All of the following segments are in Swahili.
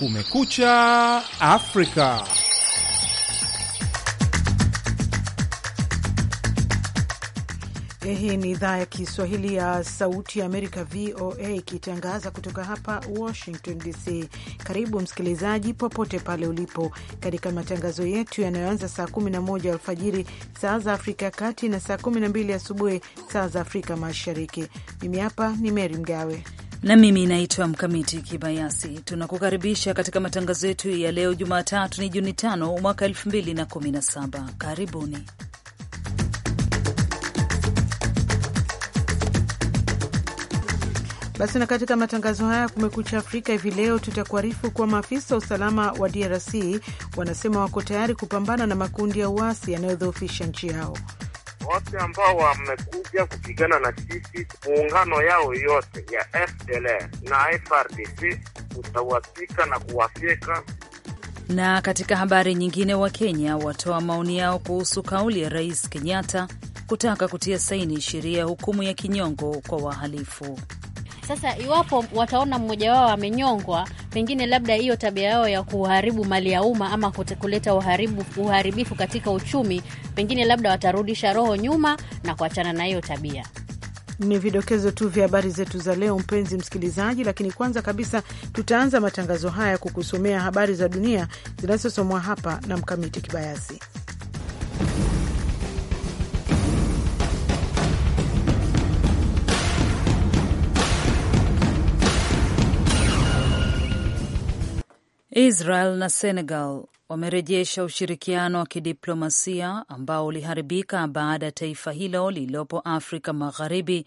Kumekucha Afrika. Eh, hii ni idhaa ya Kiswahili ya Sauti ya Amerika, VOA, ikitangaza kutoka hapa Washington DC. Karibu msikilizaji, popote pale ulipo, katika matangazo yetu yanayoanza saa 11 alfajiri saa za Afrika ya Kati na saa 12 asubuhi saa za Afrika Mashariki. Mimi hapa ni mery Mgawe na mimi naitwa Mkamiti Kibayasi. Tunakukaribisha katika matangazo yetu ya leo Jumatatu ni Juni tano mwaka 2017. Karibuni. Basi na katika matangazo haya Kumekucha Afrika hivi leo, tutakuarifu kuwa maafisa wa usalama wa DRC wanasema wako tayari kupambana na makundi ya uasi yanayodhoofisha nchi yao wote ambao wamekuja kupigana na sisi, muungano yao yote ya FDLR na FRDC utawasika na kuwafyeka. Na katika habari nyingine, wa Kenya watoa maoni yao kuhusu kauli ya Rais Kenyatta kutaka kutia saini sheria ya hukumu ya kinyongo kwa wahalifu. Sasa iwapo wataona mmoja wao amenyongwa, pengine labda hiyo tabia yao ya kuharibu mali ya umma ama kuleta uharibu, uharibifu katika uchumi, pengine labda watarudisha roho nyuma na kuachana na hiyo tabia. Ni vidokezo tu vya habari zetu za leo, mpenzi msikilizaji, lakini kwanza kabisa tutaanza matangazo haya kukusomea habari za dunia zinazosomwa hapa na Mkamiti Kibayasi. Israel na Senegal wamerejesha ushirikiano wa kidiplomasia ambao uliharibika baada ya taifa hilo lililopo Afrika Magharibi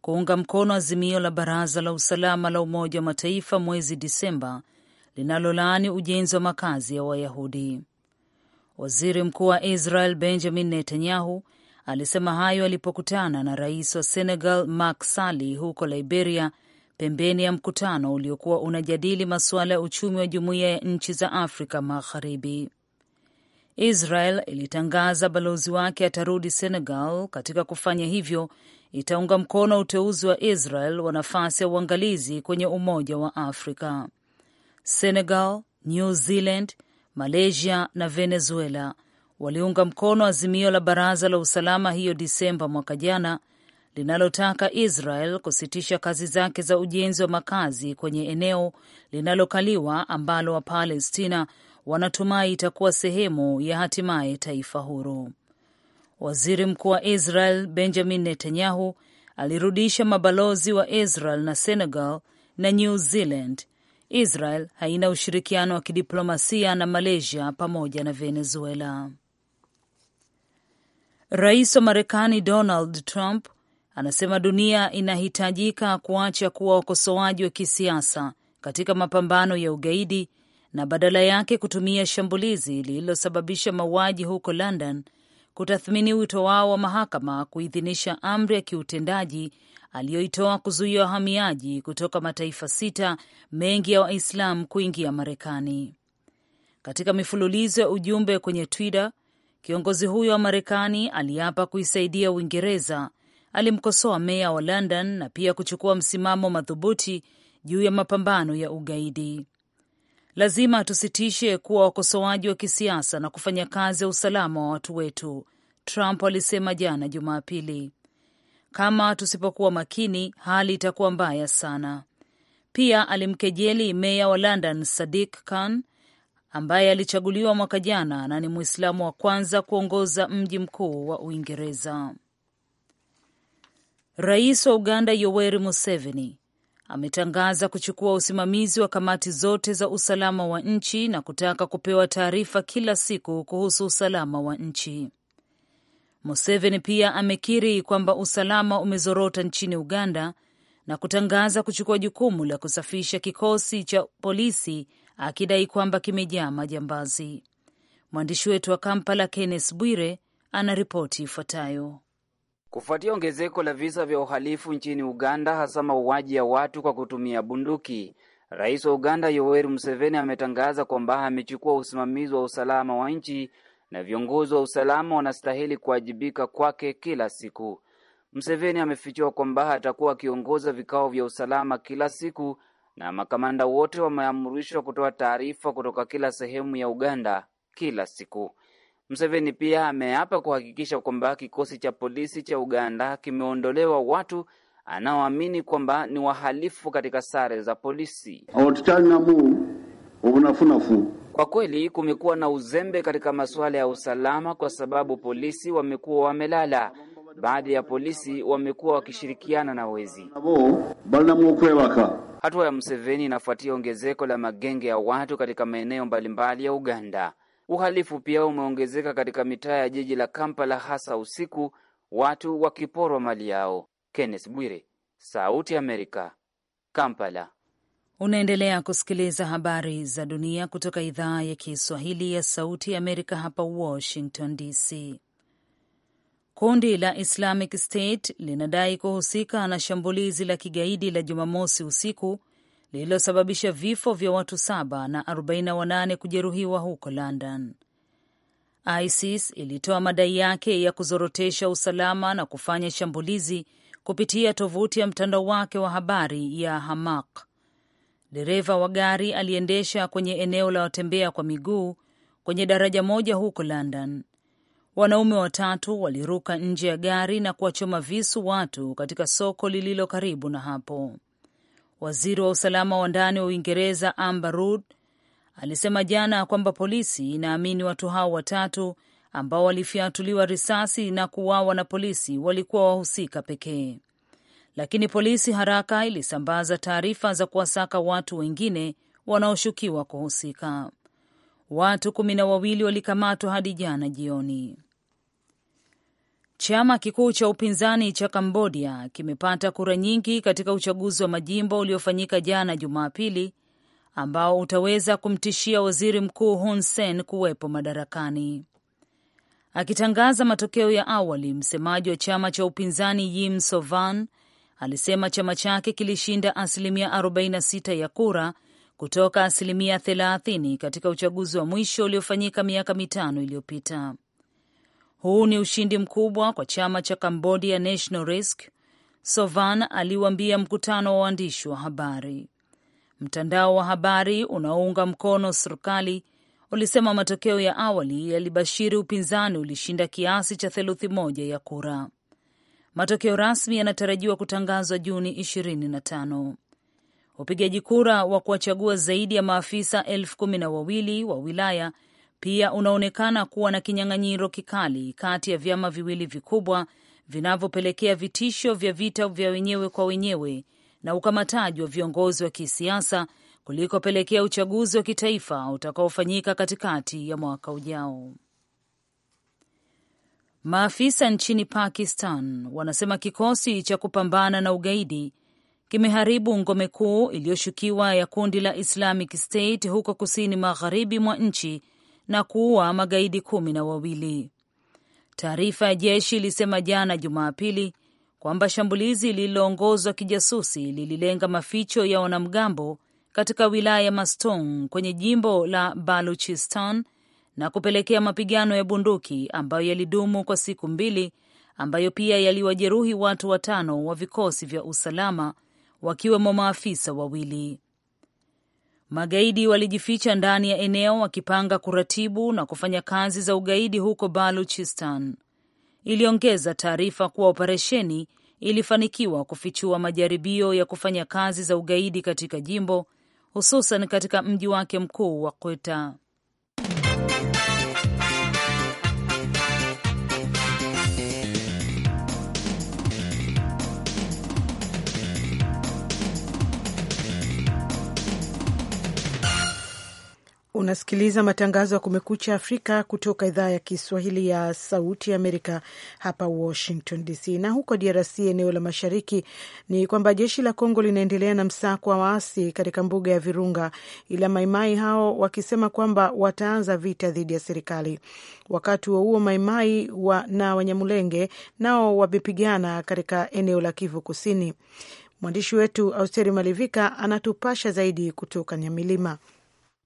kuunga mkono azimio la Baraza la Usalama la Umoja wa Mataifa mwezi Disemba linalolaani ujenzi wa makazi ya Wayahudi. Waziri Mkuu wa Israel Benjamin Netanyahu alisema hayo alipokutana na rais wa Senegal Macky Sall huko Liberia pembeni ya mkutano uliokuwa unajadili masuala ya uchumi wa jumuiya ya nchi za Afrika Magharibi. Israel ilitangaza balozi wake atarudi Senegal. Katika kufanya hivyo, itaunga mkono uteuzi wa Israel wa nafasi ya uangalizi kwenye Umoja wa Afrika. Senegal, New Zealand, Malaysia na Venezuela waliunga mkono azimio la Baraza la Usalama hiyo Disemba mwaka jana linalotaka Israel kusitisha kazi zake za ujenzi wa makazi kwenye eneo linalokaliwa ambalo Wapalestina wanatumai itakuwa sehemu ya hatimaye taifa huru. Waziri Mkuu wa Israel Benjamin Netanyahu alirudisha mabalozi wa Israel na Senegal na New Zealand. Israel haina ushirikiano wa kidiplomasia na Malaysia pamoja na Venezuela. Rais wa Marekani Donald Trump anasema dunia inahitajika kuacha kuwa wakosoaji wa kisiasa katika mapambano ya ugaidi na badala yake kutumia shambulizi lililosababisha mauaji huko London kutathmini wito wao wa mahakama kuidhinisha amri ya kiutendaji aliyoitoa kuzuia wahamiaji kutoka mataifa sita mengi ya Waislamu kuingia Marekani. Katika mifululizo ya ujumbe kwenye Twitter, kiongozi huyo wa Marekani aliapa kuisaidia Uingereza alimkosoa meya wa London na pia kuchukua msimamo madhubuti juu ya mapambano ya ugaidi. Lazima tusitishe kuwa wakosoaji wa kisiasa na kufanya kazi ya usalama wa watu wetu, Trump alisema jana Jumapili. Kama tusipokuwa makini, hali itakuwa mbaya sana. Pia alimkejeli meya wa London Sadiq Khan ambaye alichaguliwa mwaka jana na ni Mwislamu wa kwanza kuongoza mji mkuu wa Uingereza. Rais wa Uganda Yoweri Museveni ametangaza kuchukua usimamizi wa kamati zote za usalama wa nchi na kutaka kupewa taarifa kila siku kuhusu usalama wa nchi. Museveni pia amekiri kwamba usalama umezorota nchini Uganda na kutangaza kuchukua jukumu la kusafisha kikosi cha polisi akidai kwamba kimejaa majambazi. Mwandishi wetu wa Kampala Kenneth Bwire ana ripoti ifuatayo. Kufuatia ongezeko la visa vya uhalifu nchini Uganda, hasa mauaji ya watu kwa kutumia bunduki, rais wa Uganda Yoweri Museveni ametangaza kwamba amechukua usimamizi wa usalama wa nchi na viongozi wa usalama wanastahili kuwajibika kwake kila siku. Museveni amefichua kwamba atakuwa akiongoza vikao vya usalama kila siku na makamanda wote wameamrishwa kutoa taarifa kutoka kila sehemu ya Uganda kila siku mseveni pia ameapa kuhakikisha kwamba kikosi cha polisi cha Uganda kimeondolewa watu anaoamini kwamba ni wahalifu katika sare za polisi. Kwa kweli kumekuwa na uzembe katika masuala ya usalama, kwa sababu polisi wamekuwa wamelala. Baadhi ya polisi wamekuwa wakishirikiana na wezi. Hatua ya Museveni inafuatia ongezeko la magenge ya watu katika maeneo mbalimbali ya Uganda. Uhalifu pia umeongezeka katika mitaa ya jiji la Kampala, hasa usiku, watu wakiporwa mali yao. Kenneth Bwire, Sauti Amerika, Kampala. Unaendelea kusikiliza habari za dunia kutoka idhaa ya Kiswahili ya Sauti Amerika hapa Washington DC. Kundi la Islamic State linadai kuhusika na shambulizi la kigaidi la Jumamosi usiku lililosababisha vifo vya watu saba na 48 kujeruhiwa huko London. ISIS ilitoa madai yake ya kuzorotesha usalama na kufanya shambulizi kupitia tovuti ya mtandao wake wa habari ya Hamak. Dereva wa gari aliendesha kwenye eneo la watembea kwa miguu kwenye daraja moja huko London. Wanaume watatu waliruka nje ya gari na kuwachoma visu watu katika soko lililo karibu na hapo. Waziri wa usalama wa ndani wa Uingereza Amber Rudd alisema jana kwamba polisi inaamini watu hao watatu ambao walifyatuliwa risasi na kuuawa na polisi walikuwa wahusika pekee, lakini polisi haraka ilisambaza taarifa za kuwasaka watu wengine wanaoshukiwa kuhusika. Watu kumi na wawili walikamatwa hadi jana jioni. Chama kikuu cha upinzani cha Kambodia kimepata kura nyingi katika uchaguzi wa majimbo uliofanyika jana Jumapili, ambao utaweza kumtishia waziri mkuu Hun Sen kuwepo madarakani. Akitangaza matokeo ya awali, msemaji wa chama cha upinzani Yim Sovan alisema chama chake kilishinda asilimia 46 ya kura kutoka asilimia 30 katika uchaguzi wa mwisho uliofanyika miaka mitano iliyopita. Huu ni ushindi mkubwa kwa chama cha Cambodia National Risk, Sovan aliwaambia mkutano wa waandishi wa habari. Mtandao wa habari unaounga mkono serikali ulisema matokeo ya awali yalibashiri upinzani ulishinda kiasi cha theluthi moja ya kura. Matokeo rasmi yanatarajiwa kutangazwa Juni 25. Upigaji kura wa kuwachagua zaidi ya maafisa elfu kumi na wawili wa wilaya pia unaonekana kuwa na kinyang'anyiro kikali kati ya vyama viwili vikubwa vinavyopelekea vitisho vya vita vya wenyewe kwa wenyewe na ukamataji wa viongozi wa kisiasa kulikopelekea uchaguzi wa kitaifa utakaofanyika katikati ya mwaka ujao. Maafisa nchini Pakistan wanasema kikosi cha kupambana na ugaidi kimeharibu ngome kuu iliyoshukiwa ya kundi la Islamic State huko kusini magharibi mwa nchi na kuua magaidi kumi na wawili. Taarifa ya jeshi ilisema jana Jumapili kwamba shambulizi lililoongozwa kijasusi lililenga maficho ya wanamgambo katika wilaya ya Mastong kwenye jimbo la Baluchistan na kupelekea mapigano ya bunduki ambayo yalidumu kwa siku mbili, ambayo pia yaliwajeruhi watu watano wa vikosi vya usalama wakiwemo maafisa wawili. Magaidi walijificha ndani ya eneo wakipanga kuratibu na kufanya kazi za ugaidi huko Baluchistan. Iliongeza taarifa kuwa operesheni ilifanikiwa kufichua majaribio ya kufanya kazi za ugaidi katika jimbo, hususan katika mji wake mkuu wa Quetta. Unasikiliza matangazo ya Kumekucha Afrika kutoka idhaa ya Kiswahili ya Sauti Amerika hapa Washington DC. Na huko DRC, eneo la mashariki, ni kwamba jeshi la Kongo linaendelea na msako wa waasi katika mbuga ya Virunga, ila Maimai hao wakisema kwamba wataanza vita dhidi ya serikali. Wakati huo huo, Maimai wa na Wanyamulenge nao wamepigana katika eneo la Kivu Kusini. Mwandishi wetu Austeri Malivika anatupasha zaidi kutoka Nyamilima.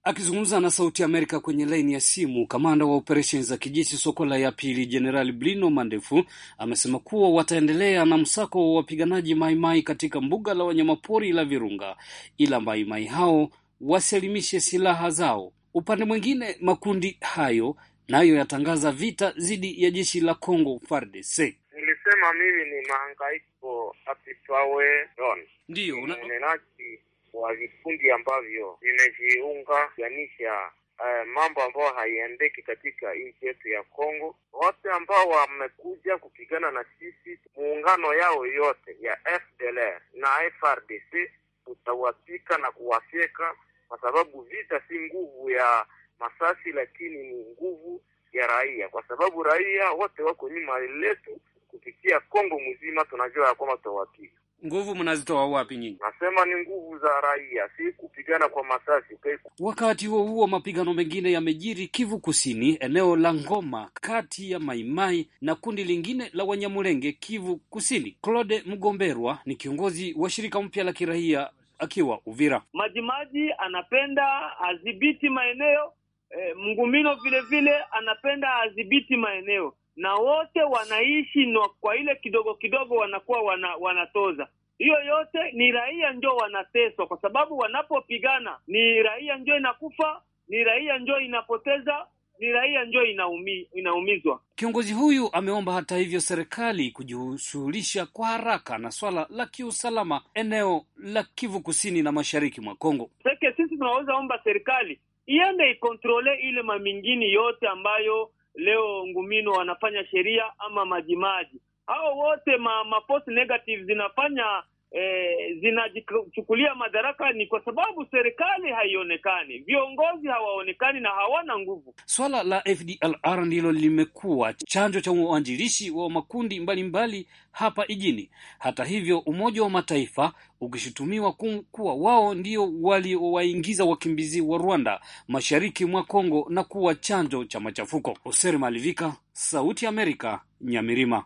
Akizungumza na Sauti ya Amerika kwenye laini ya simu, kamanda wa operesheni za kijeshi Sokola ya pili Jenerali Blino Mandefu amesema kuwa wataendelea na msako wa wapiganaji Maimai katika mbuga la wanyamapori la Virunga, ila Maimai hao wasilimishe silaha zao. Upande mwingine, makundi hayo nayo yatangaza vita dhidi ya jeshi la Congo FARDC. Nilisema mimi ni mahangaiko apipawe ndiyo una wa vikundi ambavyo vimejiunga ganisha Uh, eh, mambo ambayo haiendeki katika nchi yetu ya Kongo. Wote ambao wamekuja kupigana na sisi, muungano yao yote ya FDLR na FRDC tutawapika na kuwafyeka, kwa sababu vita si nguvu ya masasi, lakini ni nguvu ya raia, kwa sababu raia wote wako nyuma letu kupitia Kongo mzima. Tunajua ya kwamba tutawapika. Nguvu mnazitoa wapi nyinyi? Nasema ni nguvu za raia, si kupigana kwa masasi peku. Wakati huo huo, mapigano mengine yamejiri Kivu Kusini, eneo la Ngoma, kati ya Maimai na kundi lingine la Wanyamulenge, Kivu Kusini. Claude Mgomberwa ni kiongozi wa shirika mpya la kiraia akiwa Uvira. Majimaji anapenda adhibiti maeneo e, Mngumino vilevile anapenda adhibiti maeneo na wote wanaishi na kwa ile kidogo kidogo wanakuwa wana, wanatoza hiyo yote ni raia njo wanateswa, kwa sababu wanapopigana ni raia njo inakufa, ni raia njo inapoteza, ni raia njo inaumi, inaumizwa. Kiongozi huyu ameomba hata hivyo serikali kujishughulisha kwa haraka na swala la kiusalama eneo la Kivu Kusini na mashariki mwa Kongo peke. Sisi tunaweza omba serikali iende ikontrole ile mamingini yote ambayo leo Ngumino wanafanya sheria ama Majimaji, hao wote ma, ma post negative zinafanya e, zinajichukulia madaraka ni kwa sababu serikali haionekani, viongozi hawaonekani na hawana nguvu. Swala la FDLR ndilo limekuwa chanjo cha uanjilishi wa makundi mbalimbali mbali hapa ijini. Hata hivyo, Umoja wa Mataifa ukishutumiwa kuwa wao ndio waliowaingiza wakimbizi wa Rwanda mashariki mwa Kongo na kuwa chanjo cha machafuko. Hoser Malivika, Sauti Amerika, Nyamirima.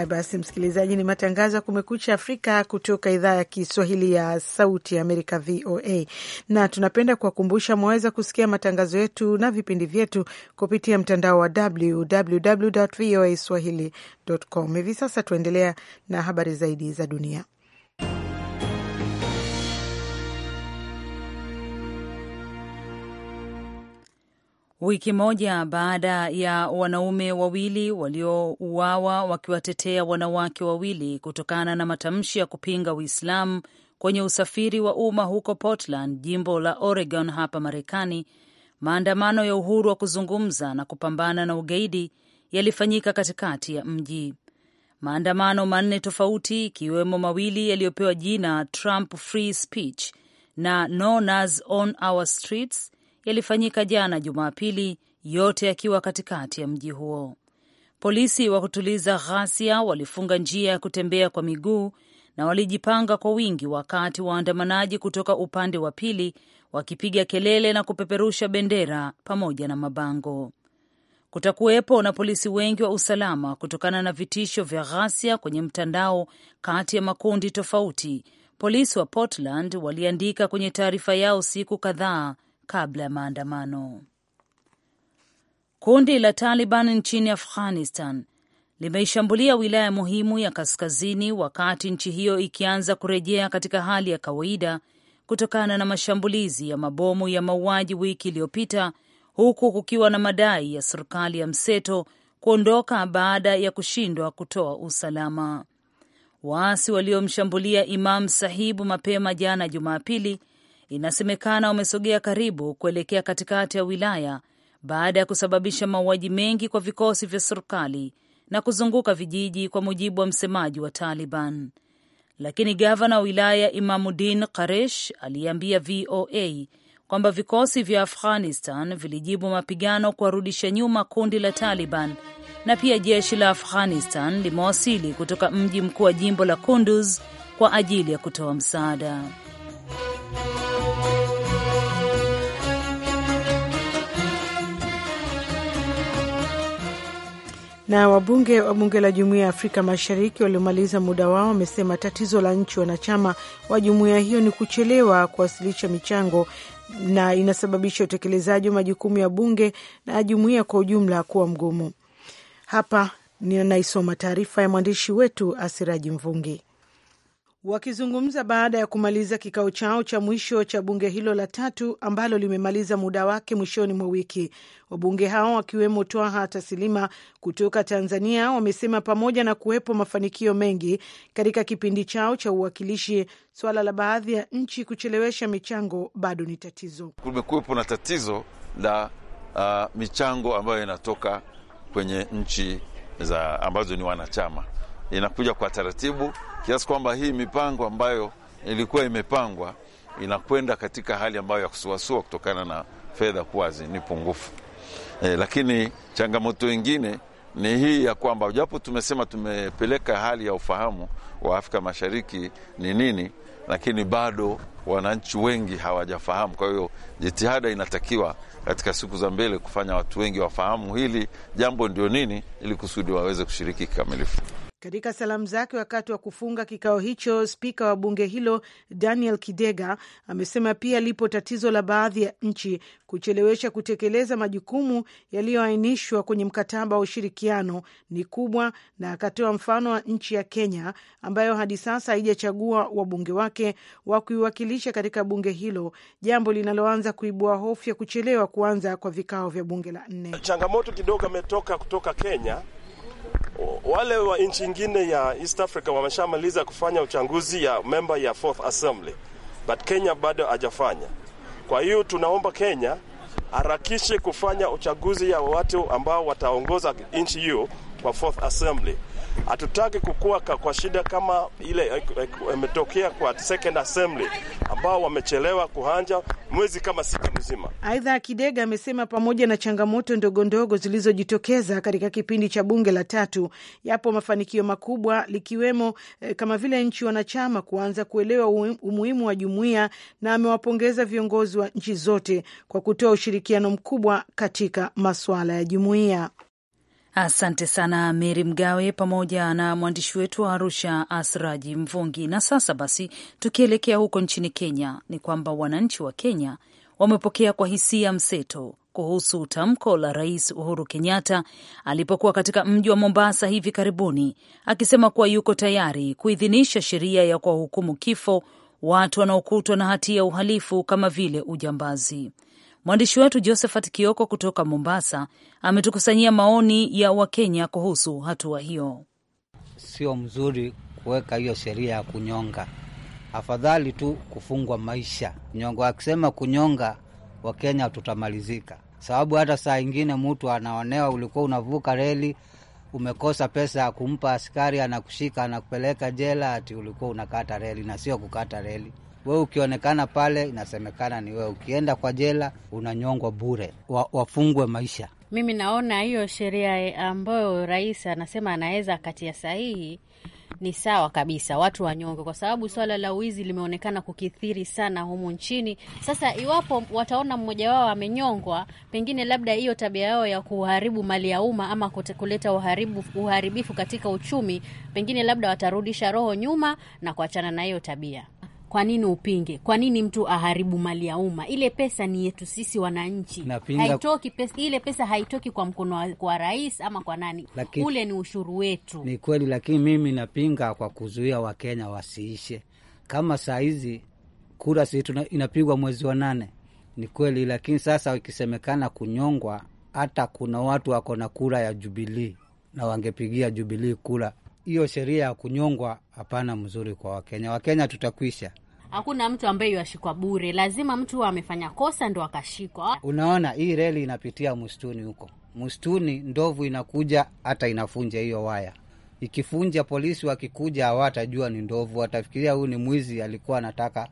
Haya basi, msikilizaji, ni matangazo ya Kumekucha Afrika kutoka idhaa ya Kiswahili ya Sauti ya Amerika, VOA, na tunapenda kuwakumbusha mwaweza kusikia matangazo yetu na vipindi vyetu kupitia mtandao wa www voa swahili com. Hivi sasa tuendelea na habari zaidi za dunia. wiki moja baada ya wanaume wawili waliouawa wakiwatetea wanawake wawili kutokana na matamshi ya kupinga Uislamu kwenye usafiri wa umma huko Portland, jimbo la Oregon hapa Marekani. Maandamano ya uhuru wa kuzungumza na kupambana na ugaidi yalifanyika katikati ya mji. Maandamano manne tofauti, ikiwemo mawili yaliyopewa jina Trump Free Speech na No Nas on Our Streets yalifanyika jana Jumapili, yote yakiwa katikati ya mji huo. Polisi wa kutuliza ghasia walifunga njia ya kutembea kwa miguu na walijipanga kwa wingi, wakati waandamanaji kutoka upande wa pili wakipiga kelele na kupeperusha bendera pamoja na mabango. Kutakuwepo na polisi wengi wa usalama kutokana na vitisho vya ghasia kwenye mtandao kati ya makundi tofauti, polisi wa Portland waliandika kwenye taarifa yao siku kadhaa kabla ya maandamano. Kundi la Taliban nchini Afghanistan limeishambulia wilaya muhimu ya kaskazini wakati nchi hiyo ikianza kurejea katika hali ya kawaida kutokana na mashambulizi ya mabomu ya mauaji wiki iliyopita, huku kukiwa na madai ya serikali ya mseto kuondoka baada ya kushindwa kutoa usalama. Waasi waliomshambulia Imam Sahibu mapema jana Jumapili inasemekana wamesogea karibu kuelekea katikati ya wilaya baada ya kusababisha mauaji mengi kwa vikosi vya serikali na kuzunguka vijiji, kwa mujibu wa msemaji wa Taliban. Lakini gavana wa wilaya Imamuddin Qarish aliambia VOA kwamba vikosi vya Afghanistan vilijibu mapigano kuwarudisha nyuma kundi la Taliban na pia jeshi la Afghanistan limewasili kutoka mji mkuu wa jimbo la Kunduz kwa ajili ya kutoa msaada. Na wabunge wa bunge la jumuiya ya Afrika Mashariki waliomaliza muda wao wamesema tatizo la nchi wanachama wa jumuiya hiyo ni kuchelewa kuwasilisha michango na inasababisha utekelezaji wa majukumu ya bunge na jumuiya kwa ujumla kuwa mgumu. Hapa ninaisoma taarifa ya mwandishi wetu Asiraji Mvungi. Wakizungumza baada ya kumaliza kikao chao cha mwisho cha bunge hilo la tatu ambalo limemaliza muda wake mwishoni mwa wiki, wabunge hao wakiwemo Twaha Tasilima kutoka Tanzania wamesema pamoja na kuwepo mafanikio mengi katika kipindi chao cha uwakilishi, swala la baadhi ya nchi kuchelewesha michango bado ni tatizo. Kumekuwepo na tatizo la uh, michango ambayo inatoka kwenye nchi za ambazo ni wanachama inakuja kwa taratibu kiasi kwamba hii mipango ambayo ilikuwa imepangwa inakwenda katika hali ambayo ya kusuasua kutokana na fedha kuwa ni pungufu. E, lakini changamoto ingine ni hii ya kwamba japo tumesema tumepeleka hali ya ufahamu wa Afrika Mashariki ni nini, lakini bado wananchi wengi hawajafahamu. Kwa hiyo jitihada inatakiwa katika siku za mbele kufanya watu wengi wafahamu hili jambo ndio nini, ili kusudi waweze kushiriki kikamilifu. Katika salamu zake wakati wa kufunga kikao hicho, spika wa bunge hilo Daniel Kidega amesema pia lipo tatizo la baadhi ya nchi kuchelewesha kutekeleza majukumu yaliyoainishwa kwenye mkataba wa ushirikiano ni kubwa, na akatoa mfano wa nchi ya Kenya ambayo hadi sasa haijachagua wabunge wake wa kuiwakilisha katika bunge hilo, jambo linaloanza kuibua hofu ya kuchelewa kuanza kwa vikao vya bunge la nne. Changamoto kidogo ametoka kutoka Kenya wale wa nchi ingine ya East Africa wameshamaliza kufanya uchaguzi ya memba ya Fourth Assembly, but Kenya bado hajafanya. Kwa hiyo tunaomba Kenya harakishe kufanya uchaguzi ya watu ambao wataongoza nchi hiyo kwa Fourth Assembly. Hatutaki kukua kwa shida kama ile eh, eh, imetokea kwa second assembly ambao wamechelewa kuhanja mwezi kama sita mzima. Aidha, Kidega amesema pamoja na changamoto ndogondogo zilizojitokeza katika kipindi cha bunge la tatu, yapo mafanikio makubwa likiwemo eh, kama vile nchi wanachama kuanza kuelewa umuhimu wa jumuiya, na amewapongeza viongozi wa nchi zote kwa kutoa ushirikiano mkubwa katika masuala ya jumuiya. Asante sana Meri Mgawe pamoja na mwandishi wetu wa Arusha, Asraji Mvungi. Na sasa basi, tukielekea huko nchini Kenya, ni kwamba wananchi wa Kenya wamepokea kwa hisia mseto kuhusu tamko la Rais Uhuru Kenyatta alipokuwa katika mji wa Mombasa hivi karibuni, akisema kuwa yuko tayari kuidhinisha sheria ya kuwahukumu kifo watu wanaokutwa na hatia ya uhalifu kama vile ujambazi. Mwandishi wetu Josephat Kioko kutoka Mombasa ametukusanyia maoni ya Wakenya kuhusu hatua wa hiyo. Sio mzuri kuweka hiyo sheria ya kunyonga, afadhali tu kufungwa maisha. Nyongo akisema kunyonga, Wakenya tutamalizika, sababu hata saa ingine mtu anaonewa, ulikuwa unavuka reli umekosa pesa ya kumpa askari, anakushika anakupeleka jela, ati ulikuwa unakata reli, na sio kukata reli. Wewe ukionekana pale, inasemekana ni wewe. Ukienda kwa jela, unanyongwa bure, wa, wafungwe maisha. Mimi naona hiyo sheria eh, ambayo rais anasema anaweza akatia sahihi ni sawa kabisa, watu wanyonge, kwa sababu swala la uizi limeonekana kukithiri sana humu nchini. Sasa iwapo wataona mmoja wao amenyongwa, pengine labda hiyo tabia yao ya kuharibu mali ya umma ama kuleta uharibu, uharibifu katika uchumi, pengine labda watarudisha roho nyuma na kuachana na hiyo tabia. Kwa nini upinge? Kwa nini mtu aharibu mali ya umma? Ile pesa ni yetu sisi wananchi, haitoki pesa, ile pesa haitoki kwa mkono wa kwa rais ama kwa nani, lakini ule ni ushuru wetu. Ni kweli, lakini mimi napinga kwa kuzuia Wakenya wasiishe kama saa hizi kura si inapigwa mwezi wa nane. Ni kweli, lakini sasa ikisemekana kunyongwa, hata kuna watu wako na kura ya Jubilii na wangepigia Jubilii kura hiyo sheria ya kunyongwa, hapana mzuri kwa Wakenya. Wakenya tutakwisha. Hakuna mtu ambaye yuashikwa bure, lazima mtu amefanya kosa ndo akashikwa. Unaona, hii reli inapitia mustuni huko mustuni, ndovu inakuja hata inafunja hiyo waya. Ikifunja, polisi wakikuja hawatajua ni ndovu, watafikiria huyu ni mwizi alikuwa anataka.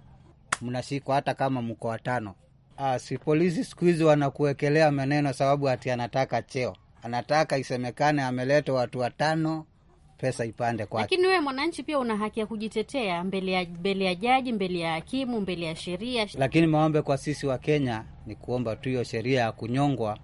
Mnashikwa hata kama mko watano. Ah, si polisi siku hizi wanakuwekelea maneno sababu ati anataka cheo, anataka isemekane ameleta watu watano pesa ipande kwake. Lakini wewe mwananchi pia una haki ya kujitetea mbele ya mbele ya jaji, mbele ya hakimu, mbele ya sheria. Lakini maombe kwa sisi wa Kenya ni kuomba tu hiyo sheria ya kunyongwa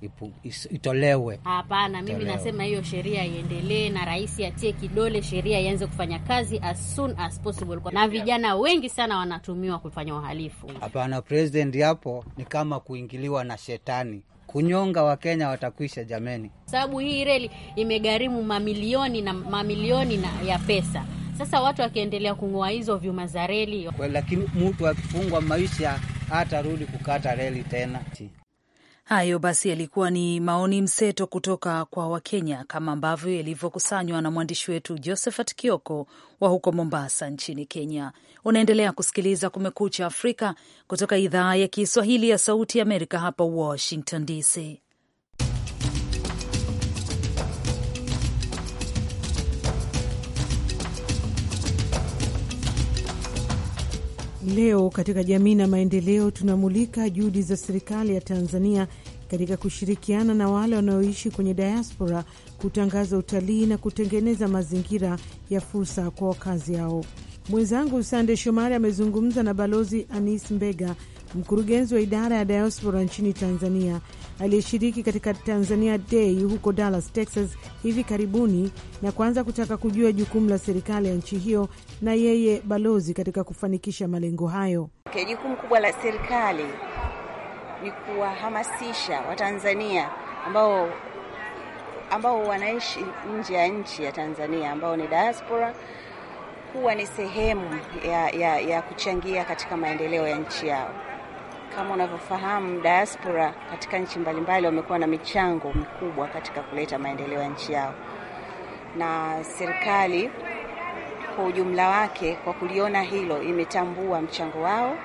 ipu, is, itolewe. Hapana, mimi nasema hiyo sheria iendelee na rais atie kidole, sheria ianze kufanya kazi as soon as possible, na vijana wengi sana wanatumiwa kufanya uhalifu. Hapana, president, hapo ni kama kuingiliwa na shetani kunyonga Wakenya watakwisha jameni, sababu hii reli imegharimu mamilioni na mamilioni na ya pesa. Sasa watu wakiendelea kung'oa hizo vyuma za reli, lakini mtu akifungwa maisha hatarudi kukata reli tena. Hayo basi yalikuwa ni maoni mseto kutoka kwa Wakenya kama ambavyo yalivyokusanywa na mwandishi wetu Josephat Kioko wa huko Mombasa nchini Kenya. Unaendelea kusikiliza Kumekucha Afrika kutoka idhaa ya Kiswahili ya Sauti ya Amerika hapa Washington DC. Leo katika jamii na maendeleo tunamulika juhudi za serikali ya Tanzania katika kushirikiana na wale wanaoishi kwenye diaspora kutangaza utalii na kutengeneza mazingira ya fursa kwa wakazi hao. Mwenzangu Sande Shomari amezungumza na Balozi Anis Mbega mkurugenzi wa idara ya diaspora nchini Tanzania aliyeshiriki katika Tanzania Day huko Dallas, Texas hivi karibuni na kuanza kutaka kujua jukumu la serikali ya nchi hiyo na yeye balozi katika kufanikisha malengo hayo. Okay, jukumu kubwa la serikali ni kuwahamasisha Watanzania ambao ambao wanaishi nje ya nchi ya Tanzania ambao ni diaspora kuwa ni sehemu ya, ya, ya kuchangia katika maendeleo ya nchi yao. Kama unavyofahamu, diaspora katika nchi mbalimbali wamekuwa na michango mikubwa katika kuleta maendeleo ya nchi yao, na serikali kwa ujumla wake, kwa kuliona hilo, imetambua mchango wao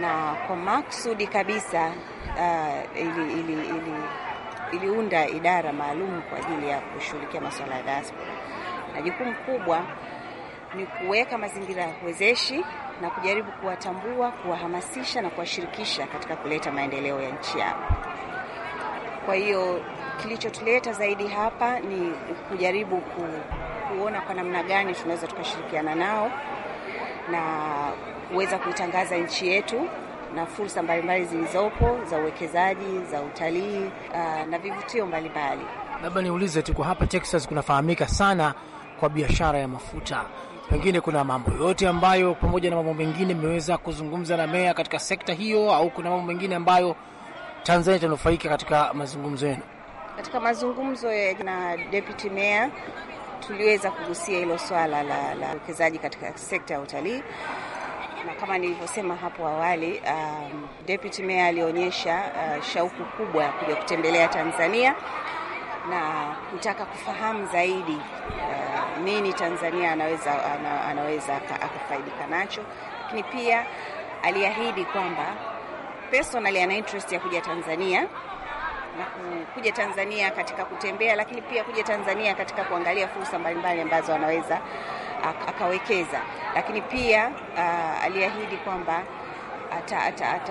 na kwa maksudi kabisa uh, ili, ili, ili, iliunda idara maalum kwa ajili ya kushughulikia masuala ya diaspora na jukumu kubwa ni kuweka mazingira ya wezeshi na kujaribu kuwatambua, kuwahamasisha na kuwashirikisha katika kuleta maendeleo ya nchi yao. Kwa hiyo kilichotuleta zaidi hapa ni kujaribu ku, kuona kwa namna gani tunaweza tukashirikiana nao na kuweza kuitangaza nchi yetu na fursa mbalimbali zilizopo za uwekezaji, za utalii na vivutio mbalimbali. Labda niulize tu, kwa hapa Texas kunafahamika sana kwa biashara ya mafuta pengine kuna mambo yote ambayo pamoja na mambo mengine mmeweza kuzungumza na meya katika sekta hiyo, au kuna mambo mengine ambayo Tanzania itanufaika katika mazungumzo yenu? Katika mazungumzo na deputy mayor tuliweza kugusia hilo swala la uwekezaji katika sekta ya utalii, na kama nilivyosema hapo awali, um, deputy mayor alionyesha uh, shauku kubwa ya kuja kutembelea Tanzania na kutaka kufahamu zaidi uh, nini Tanzania anaweza, ana, anaweza akafaidika nacho, lakini pia aliahidi kwamba personally ana interest ya kuja Tanzania na kuja Tanzania katika kutembea, lakini pia kuja Tanzania katika kuangalia fursa mbalimbali ambazo anaweza akawekeza, lakini pia uh, aliahidi kwamba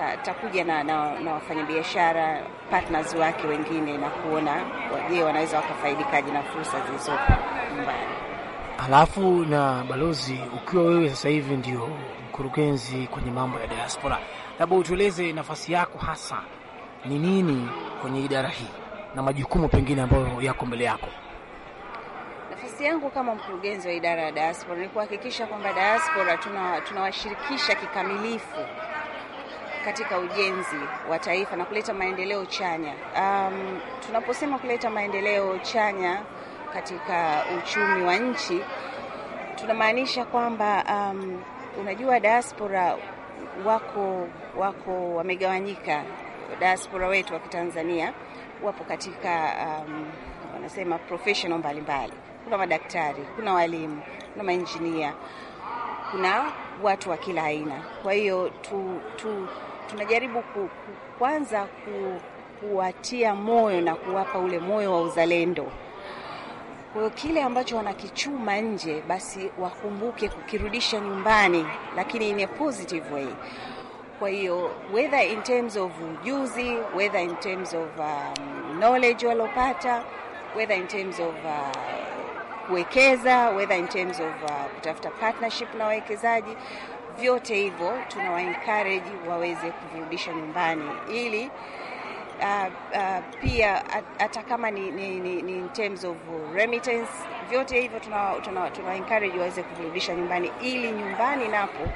atakuja na, na, na wafanyabiashara partners wake wengine na kuona je wanaweza wakafaidikaje na fursa zilizopo nyumbani. alafu na balozi, ukiwa wewe sasa hivi ndio mkurugenzi kwenye mambo ya diaspora, labda utueleze nafasi yako hasa ni nini kwenye idara hii na majukumu pengine ambayo yako mbele yako. Nafasi yangu kama mkurugenzi wa idara ya diaspora ni kuhakikisha kwamba diaspora tunawashirikisha tuna kikamilifu katika ujenzi wa taifa na kuleta maendeleo chanya. Um, tunaposema kuleta maendeleo chanya katika uchumi wa nchi tunamaanisha kwamba um, unajua diaspora wako wako wamegawanyika. Diaspora wetu wa Kitanzania wapo katika um, wanasema professional mbalimbali. Kuna madaktari, kuna walimu, kuna mainjinia, kuna watu wa kila aina. Kwa hiyo tu, tu tunajaribu ku, ku, kwanza ku, kuwatia moyo na kuwapa ule moyo wa uzalendo. Kwa hiyo kile ambacho wanakichuma nje, basi wakumbuke kukirudisha nyumbani, lakini in a positive way. Kwa hiyo whether in terms of ujuzi, whether in terms of um, knowledge walopata, whether in terms of uh, kuwekeza, whether in terms of uh, kutafuta partnership na wawekezaji vyote hivyo tunawa encourage waweze kuvirudisha nyumbani ili uh, uh, pia hata kama ni, ni, ni, ni in terms of remittance, vyote hivyo tunawa, tuna, tuna encourage waweze kuvirudisha nyumbani ili nyumbani napo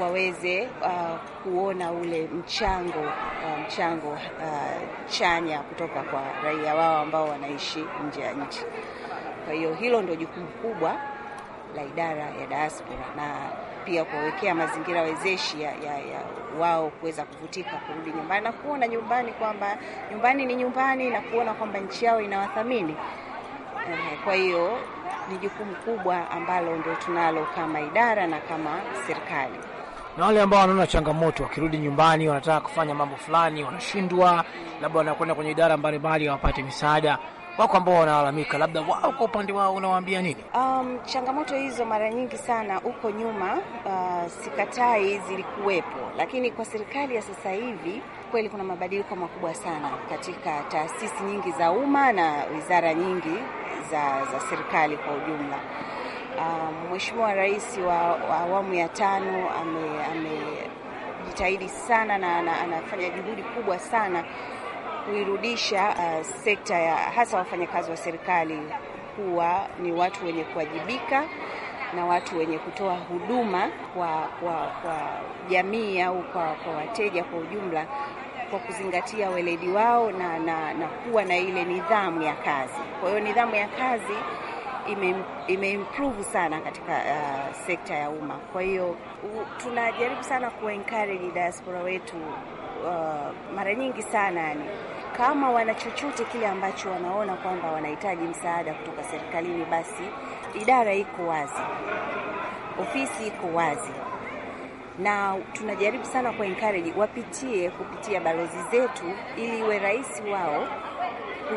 waweze uh, kuona ule mchango uh, mchango uh, chanya kutoka kwa raia wao ambao wanaishi nje ya nchi. Kwa hiyo hilo ndio jukumu kubwa la idara ya diaspora na pia kuwawekea mazingira wezeshi ya, ya, ya wao kuweza kuvutika kurudi nyumbani na kuona nyumbani kwamba nyumbani ni nyumbani na kuona kwamba nchi yao inawathamini. Eh, kwa hiyo ni jukumu kubwa ambalo ndio tunalo kama idara na kama serikali. Na wale ambao wanaona changamoto wakirudi nyumbani, wanataka kufanya mambo fulani, wanashindwa, labda wanakwenda kwenye idara mbalimbali, wapate misaada wako ambao wanalalamika, labda wao kwa upande wao unawaambia nini? Um, changamoto hizo mara nyingi sana huko nyuma, uh, sikatai zilikuwepo, lakini kwa serikali ya sasa hivi kweli kuna mabadiliko makubwa sana katika taasisi nyingi za umma na wizara nyingi za, za serikali kwa ujumla. Um, Mheshimiwa Rais wa awamu ya tano amejitahidi ame sana na anafanya juhudi kubwa sana kuirudisha uh, sekta ya hasa wafanyakazi wa serikali kuwa ni watu wenye kuwajibika na watu wenye kutoa huduma kwa kwa, kwa jamii au kwa, kwa wateja kwa ujumla kwa kuzingatia weledi wao na, na, na kuwa na ile nidhamu ya kazi. Kwa hiyo nidhamu ya kazi imeimprove ime sana katika uh, sekta ya umma. Kwa hiyo tunajaribu sana kuencourage diaspora wetu uh, mara nyingi sana yani kama wana chochote kile ambacho wanaona kwamba wanahitaji msaada kutoka serikalini, basi idara iko wazi, ofisi iko wazi, na tunajaribu sana kwa encourage wapitie kupitia balozi zetu, ili iwe rahisi wao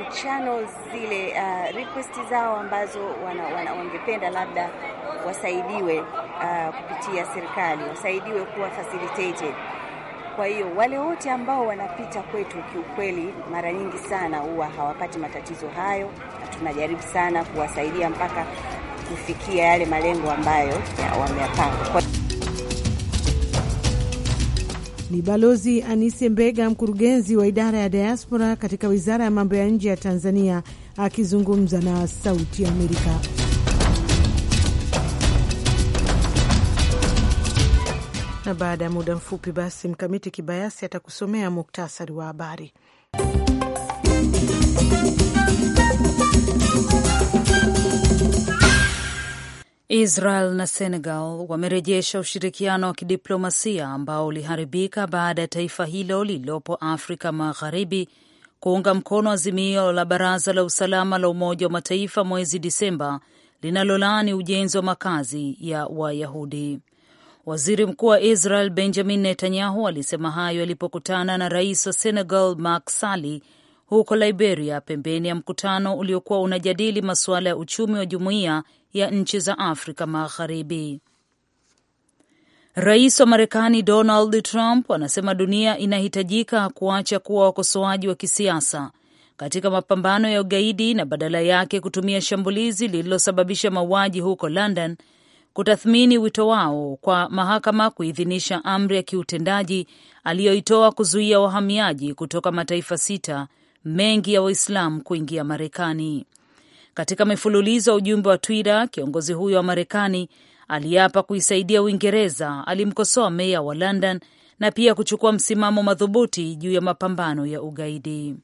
kuchannel zile uh, request zao ambazo wangependa labda wasaidiwe uh, kupitia serikali, wasaidiwe kuwa facilitated kwa hiyo wale wote ambao wanapita kwetu, kiukweli, mara nyingi sana huwa hawapati matatizo hayo, na tunajaribu sana kuwasaidia mpaka kufikia yale malengo ambayo wameyapanga. Ni Balozi Anise Mbega, mkurugenzi wa idara ya diaspora katika Wizara ya Mambo ya Nje ya Tanzania, akizungumza na Sauti ya Amerika. na baada ya muda mfupi basi Mkamiti Kibayasi atakusomea muktasari wa habari. Israel na Senegal wamerejesha ushirikiano wa kidiplomasia ambao uliharibika baada ya taifa hilo lililopo Afrika Magharibi kuunga mkono azimio la Baraza la Usalama la Umoja wa Mataifa mwezi Disemba linalolaani ujenzi wa makazi ya Wayahudi. Waziri Mkuu wa Israel Benjamin Netanyahu alisema hayo alipokutana na rais wa Senegal mak sali huko Liberia, pembeni ya mkutano uliokuwa unajadili masuala ya uchumi wa jumuiya ya nchi za Afrika Magharibi. Rais wa Marekani Donald Trump anasema dunia inahitajika kuacha kuwa wakosoaji wa kisiasa katika mapambano ya ugaidi na badala yake kutumia shambulizi lililosababisha mauaji huko London kutathmini wito wao kwa mahakama kuidhinisha amri ya kiutendaji aliyoitoa kuzuia wahamiaji kutoka mataifa sita mengi ya Waislamu kuingia Marekani. Katika mifululizo ya ujumbe wa Twitter, kiongozi huyo wa Marekani aliapa kuisaidia Uingereza. Alimkosoa meya wa London na pia kuchukua msimamo madhubuti juu ya mapambano ya ugaidi.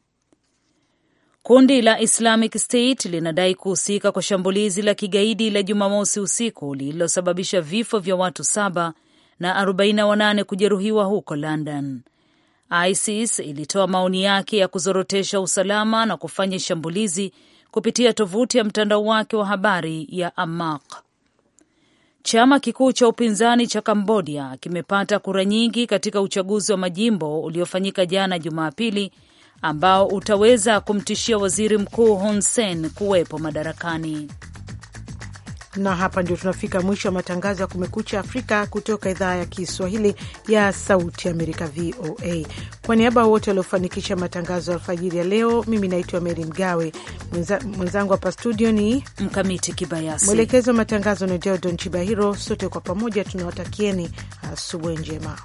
Kundi la Islamic State linadai kuhusika kwa shambulizi la kigaidi la Jumamosi usiku lililosababisha vifo vya watu saba na 48 kujeruhiwa huko London. ISIS ilitoa maoni yake ya kuzorotesha usalama na kufanya shambulizi kupitia tovuti ya mtandao wake wa habari ya Amaq. Chama kikuu cha upinzani cha Kambodia kimepata kura nyingi katika uchaguzi wa majimbo uliofanyika jana Jumapili ambao utaweza kumtishia waziri mkuu Hun Sen kuwepo madarakani. Na hapa ndio tunafika mwisho wa matangazo ya Kumekucha Afrika kutoka idhaa ya Kiswahili ya Sauti Amerika, VOA. Kwa niaba ya wote waliofanikisha matangazo ya alfajiri ya leo, mimi naitwa Meri Mgawe, mwenzangu hapa studio ni Mkamiti Kibayasi, mwelekezi wa matangazo ni Deodon Chibahiro. Sote kwa pamoja tunawatakieni asubuhi njema.